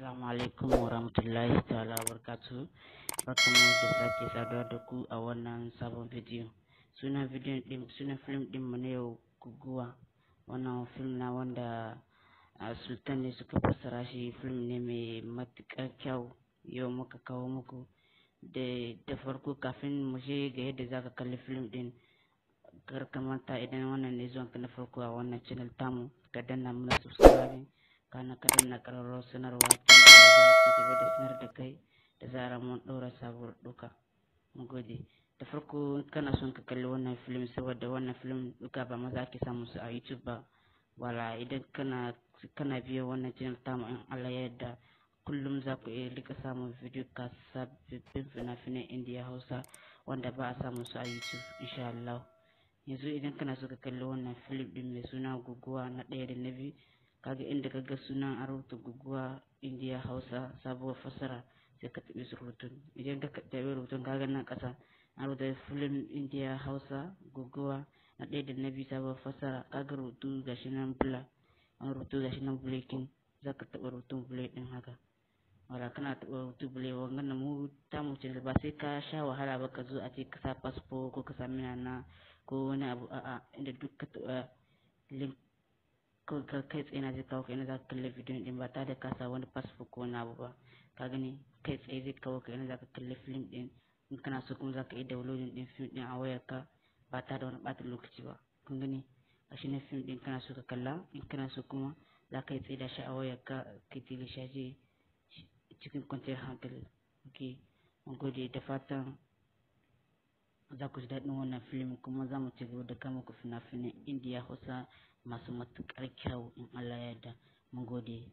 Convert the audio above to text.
Assalamualaikum warahmatullahi ta'ala wabarakatuh. barkamu da kisah saduwa da ku a wannan sabon bidiyo sunan bidiyon ɗin film dim mu na yau guguwa film na wanda a sultan suka fassara shi film ne mai matuƙar kyau yau muka kawo muku da da farko kafin mu je ga yadda zaka kalli film din kar ka idan wannan ne zuwanka na farko a wannan channel tamu ka danna mana subscribe kana kadan na kararro sanarwa ta da za a ci gaba da sanar da kai da zara mun ɗora sabuwar duka mun gode da farko kana son ka kalli wannan film saboda wannan film duka ba maza ki samun su a youtube ba wala idan kana kana biyo wannan channel tamu in allah ya kullum za ku iya e rika samun video ka sabbin fina-finan indiya hausa wanda ba a samun su a youtube insha allah yanzu idan kana so ka kalli wannan film din mai suna guguwa na ɗaya da na biyu kaga inda ka ga sunan a rubuta guguwa indiya hausa sabuwar fasara sai ka taɓi rubutun idan ka taɓi rubutun kaga nan ƙasa a rubuta filin indiya hausa guguwa na ɗaya da na biyu sabuwar fasara kaga rubutu ga shi nan bula an rubutu ga shi nan bulekin za ka taɓa rubutun bule ɗin haka wala kana taɓa rubutu bule wannan mu ta mu ce ba sai ka sha wahala ba ka zo a ce ka sa fasfo ko ka sami na ko wani abu a'a inda duk ka taɓa link kai tsaye na zai kawo ka ina za ka kalli bidiyon din ba tare da ka sa wani passport ko wani abu ba ka gani kai tsaye zai kawo ka ina za ka kalli film din in kana so kuma za ka iya downloading din film din a wayar ka ba tare da wani ɓata lokaci ba kun gani a shi na film din kana so ka kalla in kana so kuma za ka yi tsaye da shi a wayar ka ka tilo shi cikin kwanciyar hankali ok mun gode da fatan za ku ji daɗin wannan film kuma za mu ci gaba da kama ku fina-finan indiya hausa masu matuƙar kyau in allah yarda mun gode